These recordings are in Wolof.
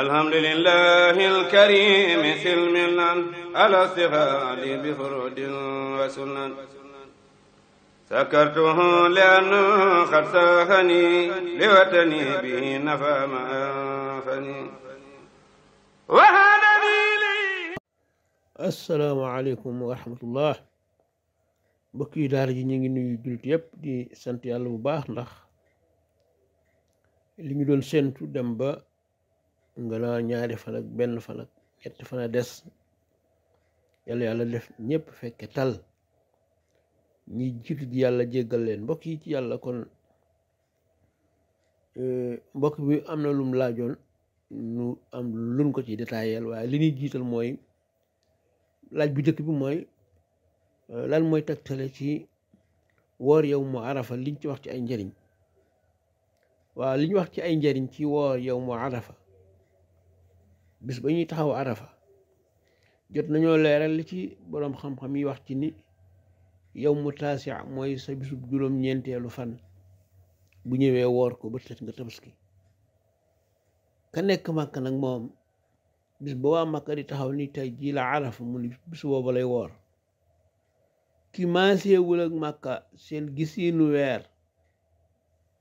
الحمد لله الكريم سلمنا على استفاد بفرود وسنن سكرته لأنه قد ساهني لوطني به نفى ما أنفني وهدني لي السلام عليكم ورحمة الله mbokk yi daara ji ñu ngi nuyu jullit yépp di sant yàlla bu baax ndax li ñu doon séentu dem ba ngelaw ñaari fan ak benn fan ak ñetti fan a des yàlla yàlla def ñëpp fekke tal ñi jiitu ji yàlla jéggal leen mbokk yi ci yàlla kon euh, mbokk bi am na lum laajoon nu am luñ ko ci détailleel waaye li ñuy jiital mooy laaj bu njëkk bi mooy euh, lan mooy tegtale ci woor yow mu arafa liñ ci wax ci ay njariñ waa liñ wax ci ay njëriñ ci woor yow mu arafa bis ba ñuy taxaw arafa jot nañoo leeral li ci boroom xam-xam yi wax ci ni yow mu taasi mooy sa bisub juróom ñeenteelu fan bu ñëwee woor ko ba tët nga ka nekk màkk nag moom bis ba waa màkk di taxaw ni te jii la arafa mu ni bis booba lay woor ki maaseewul ak màkka seen gisiinu weer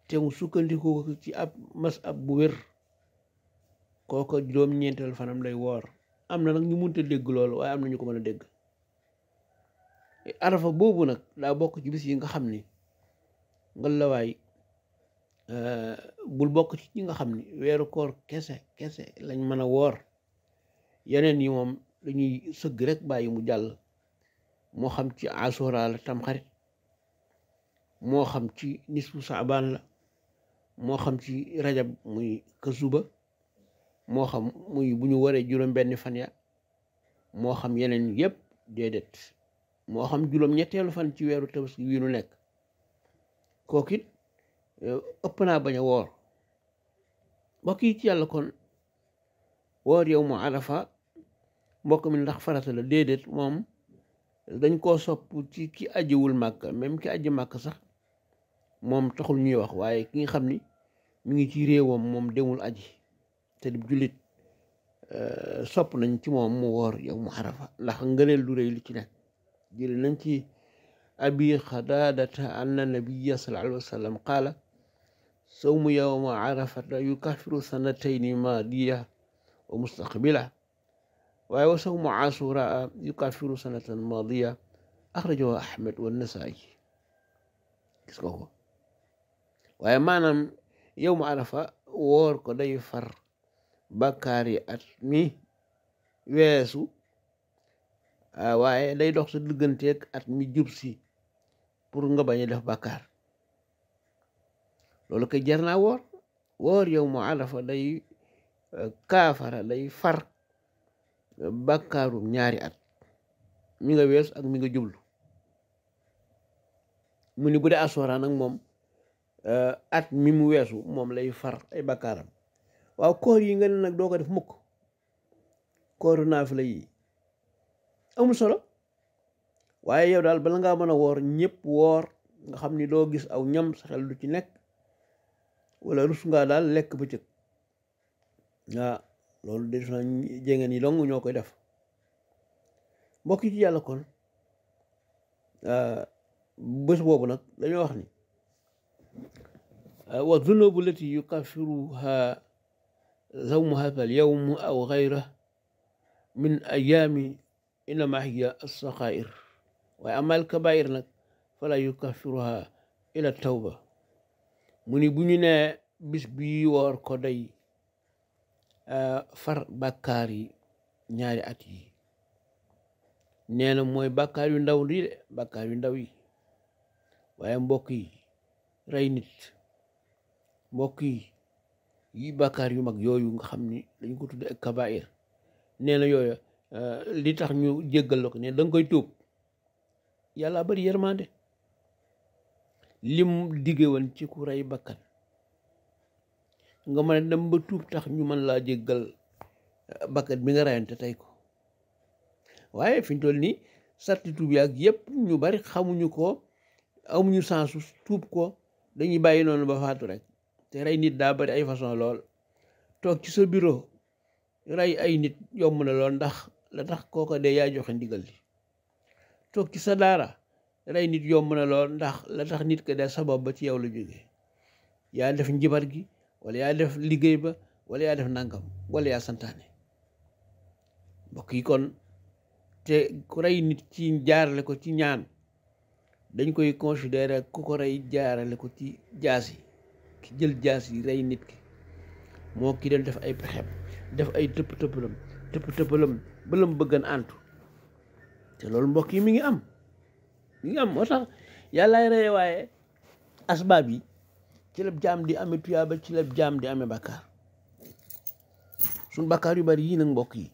te mu sukkandiku ci ab mas ab bu wér kooko juróom-ñeenteel fanam lay woor am na nag ñu mënta dégg loolu waaye am na ñu ko mën a dégg arafa boobu nag daa bokk ci bis yi nga xam ni ngalawaay eh, bul bokk ci ñi nga xam ni weeru koor kese kese lañ mën a woor yeneen yi moom dañuy sëgg rek bàyyi mu jàll moo xam ci asura la tamxarit moo xam ci nisfu saabaan la moo xam ci rajab muy kasuba moo xam muy bu ñu waree juróom-benni fan ya moo xam yeneen yépp déedéet moo xam juróom-ñetteelu fan ci weeru tabaski wi nu nekk kooku it eh, ëpp naa bañ a woor mbokk yi ci yàlla kon woor yow mu arafa mbokk mi ndax farata la déedéet moom dañ koo sopp ci ki ajiwul màkk même ki aji màkk sax moom taxul ñuy wax waaye ki nga xam ni mu ngi ci réewam moom demul aji te di jullit euh, sopp nañ ci moom mu woor yow mu xarafa ndax lu rëy li ci nekk jëli nañ ci abi xadaadata anna nabiya sallallahu alayhi wa sallam qaala sawmu yawma arafata yukaffiru sanatayni maadiya wa mustaqbila waaye wa sawmu asura yukaffiru sanatan maadiya axrajahu ahmad wa nasaa'i gis ko ko yow mu arafa woor ko day far bàkkaar yi at mi weesu waaye day dox sa digganteeg at mi jub si pour nga bañ a def bàkkaar loolu kay jar naa woor woor yow mu arafa day kaafara day far bàkkaarum ñaari at mi nga weesu ak mi nga jublu mu ni bu dee asora nag moom at mi mu weesu moom lay far ay bàkkaaram waaw koor yi nga ne nag doo ko def mukk kooru naafila yi amul solo waaye yow daal bala ngaa mën a woor ñépp woor nga xam ni doo gis aw ñam sa xel du ci nekk wala rus ngaa daal lekk bëccëg waaw loolu de def naa jéngeen yi ñoo koy def mbokk yi ci yàlla kon ah, bés boobu nag dañoo wax ni wa zunubu lati yukaffiruha زومها فاليوم أو غيره من أيام إنما هي الصغائر وأما الكبائر nag fala yukaffiruha ila tawba mu ni bu ñu ne bis bi woor ko day far bàkkaar yi ñaari at yi nee na mooy bàkkaar yu ndaw yi de bàkkaar yu ndaw yi waaye mbokk yi rey yi yi bàkkaar yu mag yooyu nga xam ni dañ ko tudd ak kabair nee na yooya eh, li tax ñu jéggal la ko ne da koy tuub yàlla bari yërmande lim digge woon ci ku rey bakkan nga mën a dem ba tuub tax ñu mën laa jéggal eh, bakkan bi nga reyante tey ko waaye fi ñu nii sarti tuub yaag yëpp ñu bari xamuñu ko amuñu sensu tuub ko dañuy bàyyi noonu ba faatu rek te rey nit daa bari ay façon lool toog ci sa bureau rey ay nit yomb na lool ndax la tax kooko dee yaa joxe ndigal li toog ci sa daara rey nit yomb na lool ndax la tax nit ko dee sabab ba ci yow la jóge yaa def njibar gi wala yaa def liggéey ba wala yaa def nangam walla yaa santaane mbokk yi kon te ku rey nit ci jaarale ko ci ñaan dañ koy considérer ku ko rey jaarale ko ci jaas yi ki jël jaas yi rey nit ki moo ki doon def ay pexem def ay tëpp tëppalam tëpp tëppalam ba la mu antu te loolu mbokk yi mi ngi am mi ngi am moo tax yàllaay waaye asbaab yi ci lab jaam di ame tuyaaba ci lab jaam di ame bàkkaar suñ bàkkaar yu bari yii nag mbokk yi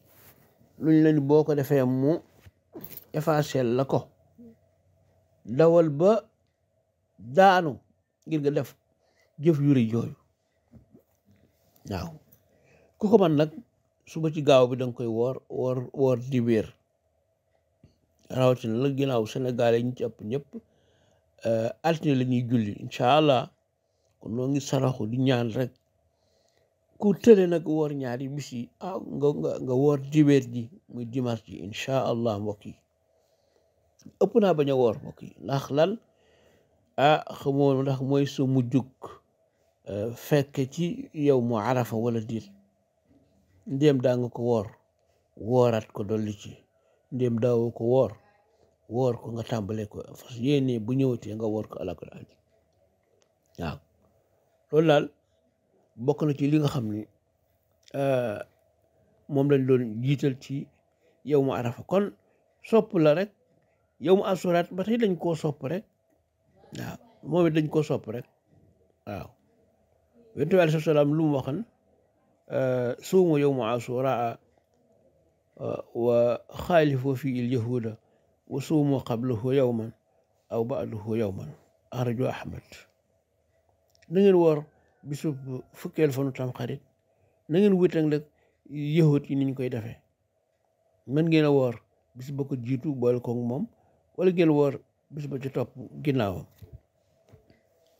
luñ la ni boo ko defee mu effacer la ko dawal ba daanu ngir nga def jëf yu rëy yooyu waaw ku ko man nag suba ci gaaw bi danga koy woor woor woor dibéer rawatina la ginnaaw senegal yi ñu ci ëpp ñëpp eh, altine la ñuy julli incha allah kon noo ngi saraxu di ñaan rek ku tële nag woor ñaari bis yi ah nga nga nga woor muy dimanche ji incha allah mbokk yi ëpp naa bañ a woor mbokk ndax lan ah xamoo ndax mooy sa mujjug fekke ci yow mu arafa wala diir ndéem daa nga ko woor woorat ko dolli ci ndéem daawoo ko woor woor ko nga tàmbalee ko fas yéene bu ñëwatee nga woor ko alakul aji waaw loolu bokk na ci li nga xam ni eh, moom lañ doon jiital ci yow mu arafa kon sopp la rek yow mu asuraat ba tey dañ koo sopp rek waaw moom it dañ koo sopp rek waaw yonent bi alayhi salaam lu mu waxan suumu yowma asuraa wa xaalifu fi il yahuda wa suumu qablahu yowman aw ba'dahu yowman arju ahmad na ngeen woor bisub fukkeel fanu tamxarit na ngeen wétan nag yahut niñ koy defee mën ngeen a woor ko jiitu boole koog moom wala ngeen woor bis ba ci topp ginnaawam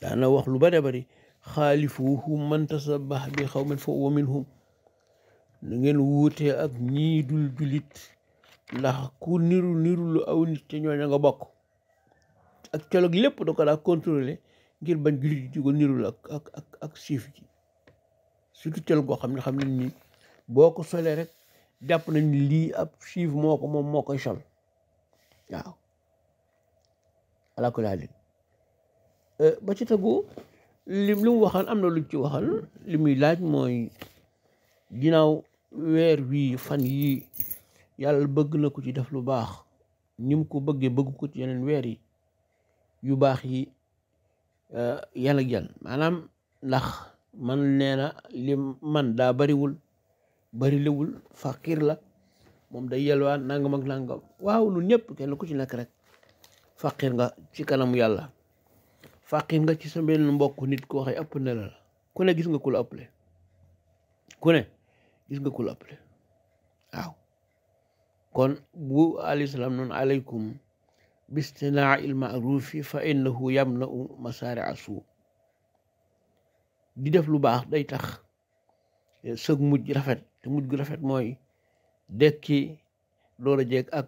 daana wax lu bare bari xaalifuhu man tasabbax bi xawmin fa huwa minhum na ngeen wuutee ak ñii dul julit ndax ku niru niru lu aw nit te ñooña nga bokk ak colog lépp da ko daa contrôler ngir bañ julit ji ko nirul ak ak ak ak siif ji surtout col goo xam ne xam ne nii boo ko solee rek jàpp nañ lii ab siif moo ko moom moo koy sol waaw alaa kulli haal ba ci tegu lim lu mu waxal am na luñ ci waxal li muy laaj mooy ginnaaw weer wii fan yii yàlla bëgg na ku ci def lu baax ni ko bëggee bëgg ko ci yeneen weer yi yu baax yi euh, yàlla jël maanaam ndax man nee na li man daa bariwul barilewul fakir la moom day yelwaan nangam ak nangam waaw lu ñëpp kenn ku ci nekk rek fakir nga ci kanamu yàlla fàqir nga ci sa benn mbokk nit koo xëy ëpp ne la ku ne gis nga ku la ku ne gis nga ku la ëpple kon bu alayhi salaam noonu aleykum bistinaa il maarufi fa innahu yamna'u masaari asu di def lu baax day tax sëg mujj rafet te mujj gu rafet mooy dekki door a jeeg ak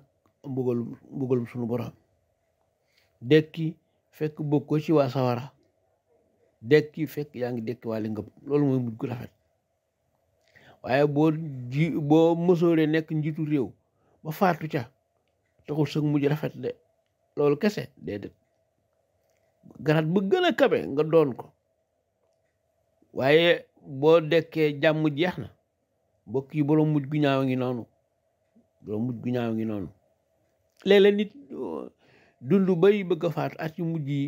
mbugalum mbugalum sunu borom dekki fekk bokkoo ci waa sawara dekki fekk yaa ngi dekki waa li ngëm loolu mooy mujj gu rafet waaye boo ji boo mësooree nekk njiitu réew ba faatu ca taxul sëg mujj rafet de loolu kese déedéet garat bu gën a kabe nga doon ko waaye boo dekkee jàmm jeex na mbokk yi borom mujj gu ñaaw ngi noonu borom mujj gu ngi noonu nit dund bay bëgg a faatu at yu mujj yi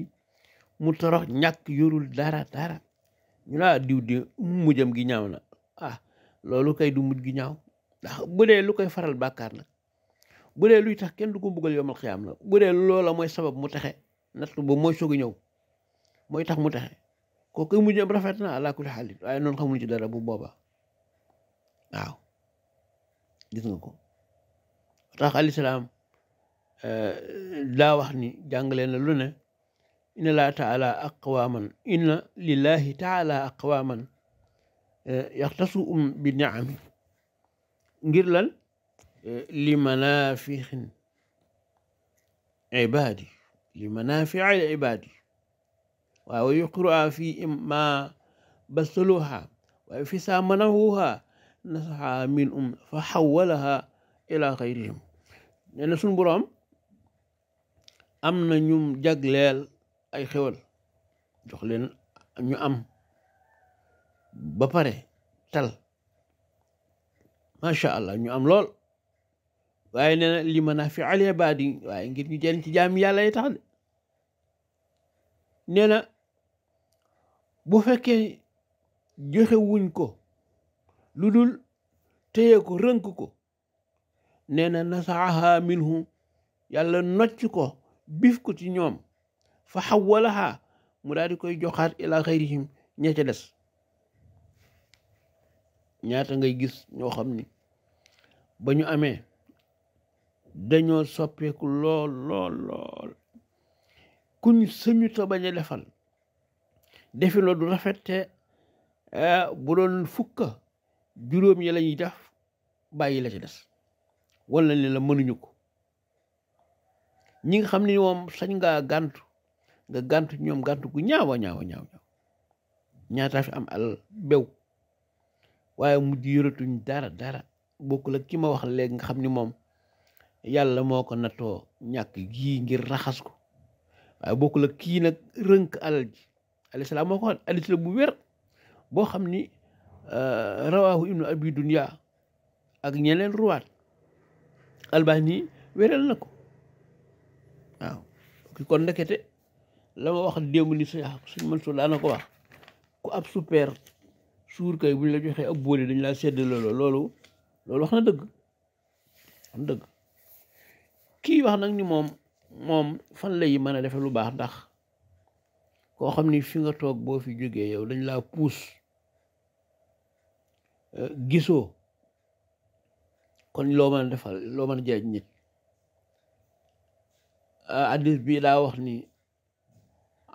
mu torox ñàkk yorul dara dara ñu laa ah, diw di mujam gi ñaaw na ah loolu kay du mujj gi ñaaw ndax bu lu koy faral bàkkaar nag bu dee luy tax kenn du ko bëggal yomal am na bu dee loola mooy sabab mu texe natt ba mooy soog a ñëw mooy tax mu texe kooku mujjam rafet na ala kulli xaalit waaye noonu xamuñu ci dara bu boobaa waaw gis nga ko tax alisalaam Eh, laa wax ni jàngale na lu ne inna laa taala aqwaman inna lillahi taala aqwaman eh, yaxtasu um bi niami ngir lan eh, li manafixin ibaadi li manafici l ibaadi waaw yuqru'a fi ma bastaluha wa fisamanahuha nasaxa min um fa xawalaha ila xayrihim nee na suñ boroom am na ñum jagleel ay xewal jox leen ñu am ba pare tal macha allah ñu am lool waaye nee na li mën a fi alee baa di waaye ngir ñu jëriñ ci jaami yàlla yi tax de nee na bu fekkee joxe wuñ ko lu dul téye ko rënk ko nee na nasaaha minhu yàlla nocc ko bif ko ñoom fa xawalaha mu daal koy joxaat ila xayrihim ña ca des ñaata ngay gis ñoo xam ni ba ñu amee dañoo soppeeku lool lool lool kuñ sëñu ta bañ a defal defi du rafette eh, bu fukka juróom yi def bàyyi la ci des wala ne la mënuñu ko ñi nga xam ni moom sañ nga gàntu nga gàntu ñoom gàntu gu ñaaw ñaawa ñaaw ñaaw ñaataa fi am al bew waaye mujj yoratuñ dara dara bokkul ak ki ma wax léegi nga xam ni moom yàlla moo ko nattoo ñàkk gii ngir raxas ko waaye bokkul ak kii nag rënk alal ji alayhi salaam moo ko wax alis la bu wér boo xam ni euh, rawaahu ibnu abi dunya ak ñeneen ruwaat albani wéral na ko waaw kon ndekete la wax démb ni suñ suñ man su daana ko wax ku ab supeer suur kay bu ñu la joxee ab boole dañ laa sedd loolu loolu wax na dëgg wax dëgg kii wax nag ni moom moom fan lay mën a defe lu baax ndax koo xam ni fi nga toog boo fi jógee yow dañ laa puus eh, gisoo kon loo mën a defal loo mën a jëriñ nit Euh, hadis bi daa wax ni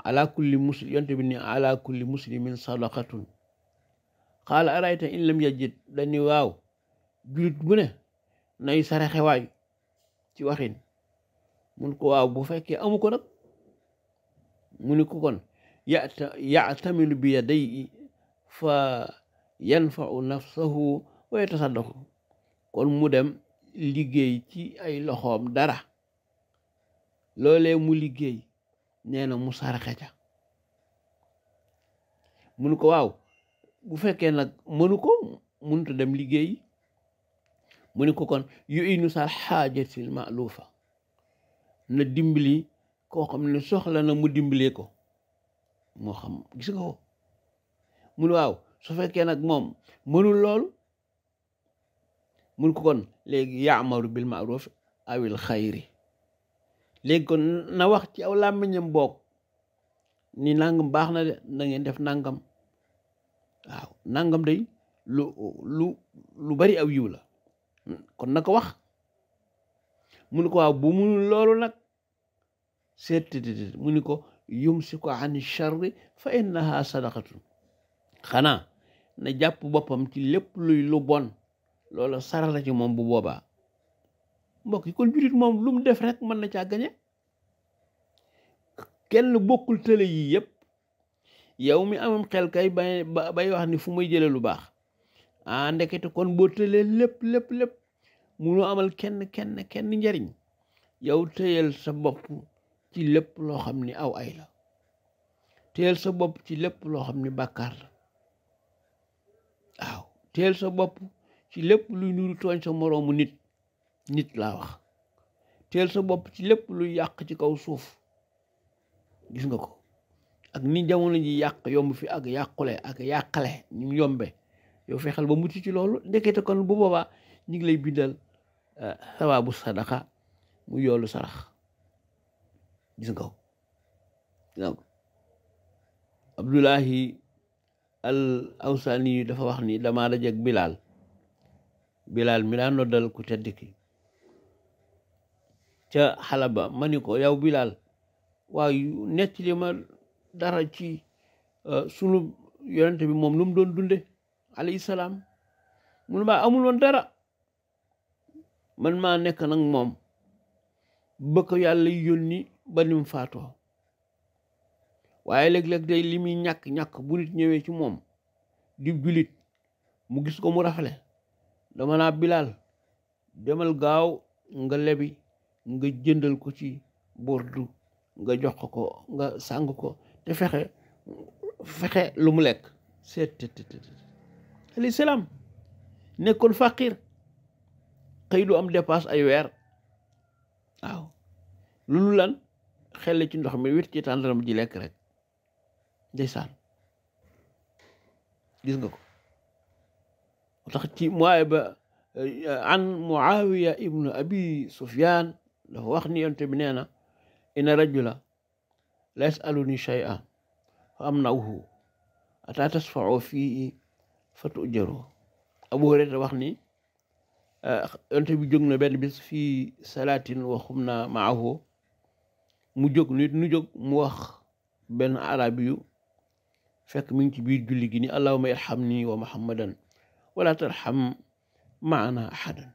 ala kulli muslim yonte bi ni ala kulli muslimin sadaqatun xaala arayta in lam yajid dañu waaw julit bu ne nay saraxewaay ci waxin mun waaw bu fekkee amu ko nag mu ni ko kon yata yatamilu bi yadayi fa yanfau nafsahu wa yatasaddaqu kon mu dem liggéey ci ay loxoom dara loole mu liggéey nee na mu saraxe ca mu ko waaw bu fekkee nag mënu ko mënut dem liggéey mu ne ko kon yu inu sal xaajatil maaluufa na dimbali koo xam ne soxla na mu dimbalee ko moo xam gis waaw su fekkee nag moom mënul lool mun ko kon léegi yaamaru bil maaruf awil xayri léegi kon na wax ci aw làmmiñam boog ni nangam baax na de def nangam waaw nangam day lu lu bari aw yiw la kon na wax mu ni ko waaw bu mu loolu nag seettitit mu ni ko yumsiku an charri fa innaha sadaqatun xanaa na jàpp boppam ci lépp luy lu bon loolu sara ci moom bu boobaa mbokk yi kon jullit moom lum def rek mën na caa gañe kenn bokkul tële yii yëpp yow mi amam xel kay bay bay wax ni fu muy jële lu baax ah ndekete kon boo tëlee lépp lépp lépp mu munoo amal kenn kenn kenn njariñ yow tëyal sa bopp ci lépp loo xam ni aw ay la sa bopp ci lépp loo xam ni bàkkaar la sa bopp ci lépp luy nuru tooñ sa moroomu nit nit laa wax teel sa bopp ci lépp lu yàq ci kaw suuf gis nga ko ak ni jamono ji yàq yomb fi ak yàqule ak yàqale ñu yombe yow fexeel ba mucc ci loolu ndekete kon bu boobaa ñu ngi lay bindal euh, sawaabu sadaka mu yoolu sarax gis nga ko donc Abdullahi al Awsani dafa wax ni damaa dajeg Bilaal Bilaal mi daan noddal ku tedd ki ca Halaba ma ni ko yow Bilal waaye nettali ma dara ci euh, sunu yonent bi moom lu doon dunde alayhi salaam munu maa amul dara man maa nekk nag moom ba ko yàlla yónni ba ni mu faatoo waaye léeg-léeg day li muy ñàkk bu nit ñëwee ci moom di julit mu gis ko mu rafale dama naa Bilal demal gaaw nga lebi nga jëndal ko ci bordu nga jox ko nga sàng ko te fexe fexe lu mu lekk seet alayhi salaam nekkoon faqir xëy du am dépasse ay weer waaw loolu lan xel ci ndox mi wét ci tàndaram ji lekk rek ndeysaan gis nga ko tax ci mooy ba eh, an muawiya ibnu abi sufyaan dafa wax ni yonte bi nee na inna rajula la yasaluni shay'an fa amna'uhu ata tasfa'u fii fa tujaru abu hurayra wax ni ah, yonte bi jóg na benn bis fii salaatin wa xumna maahu mu jóg nit nu jóg mu wax benn arabi yu fekk mi ngi ci biir julli gi ni allahuma irham nii wa muhammadan wala tarham maana ahadan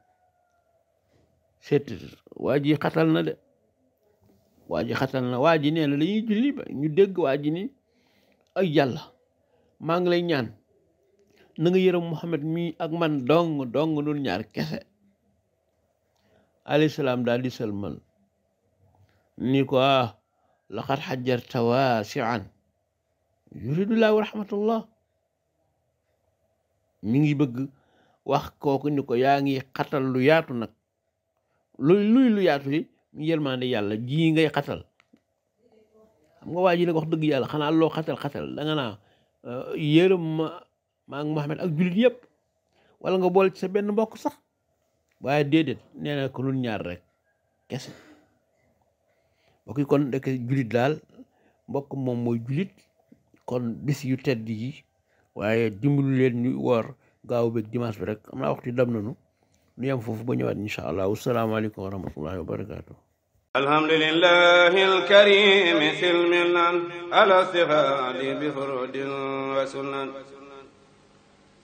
seet waa ji xatal na de waa ji xatal na waa ji nee na dañuy julli ba ñu dégg waa ni ay yàlla maa ngi lay ñaan na nga yërëm Muhammad mii ak man dong dong nun ñaar kese alayhi salaam daal di salmal ni ko ah, laqad xajarta waasian yuridullah wa rahmatullah mi ngi bëgg wax kooku ni ko yaa ngi xatal lu yaatu nag luy luy lu yaatu yi yërmande yàlla ji ngay xatal xam nga waa ji nag wax dëgg yàlla xanaa loo xatal xatal da nga naa euh, yërëm ma maa ngi Muhammad ak jullit yëpp wala nga bool ci sa benn mbokk sax waaye déedéet nee na ko nun ñaar kese mbokk yi kon dëkk jullit daal mbokk moom mooy jullit kon bis yu tedd yi waaye dimbalu leen ñu woor gaaw beeg dimanche bi rek am naa waxtu dam nanu ñu yem foofu ba ñëwaat incha allah wasalaamaaleykum wa rahmatullahi wa barakaatu alhamdulillahi alkarimi silmilan alastighadi bi furudin wa sunan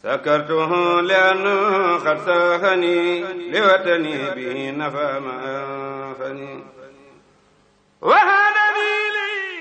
sakartuhu lianna qad sahani liwatani bihi nafa ma anfani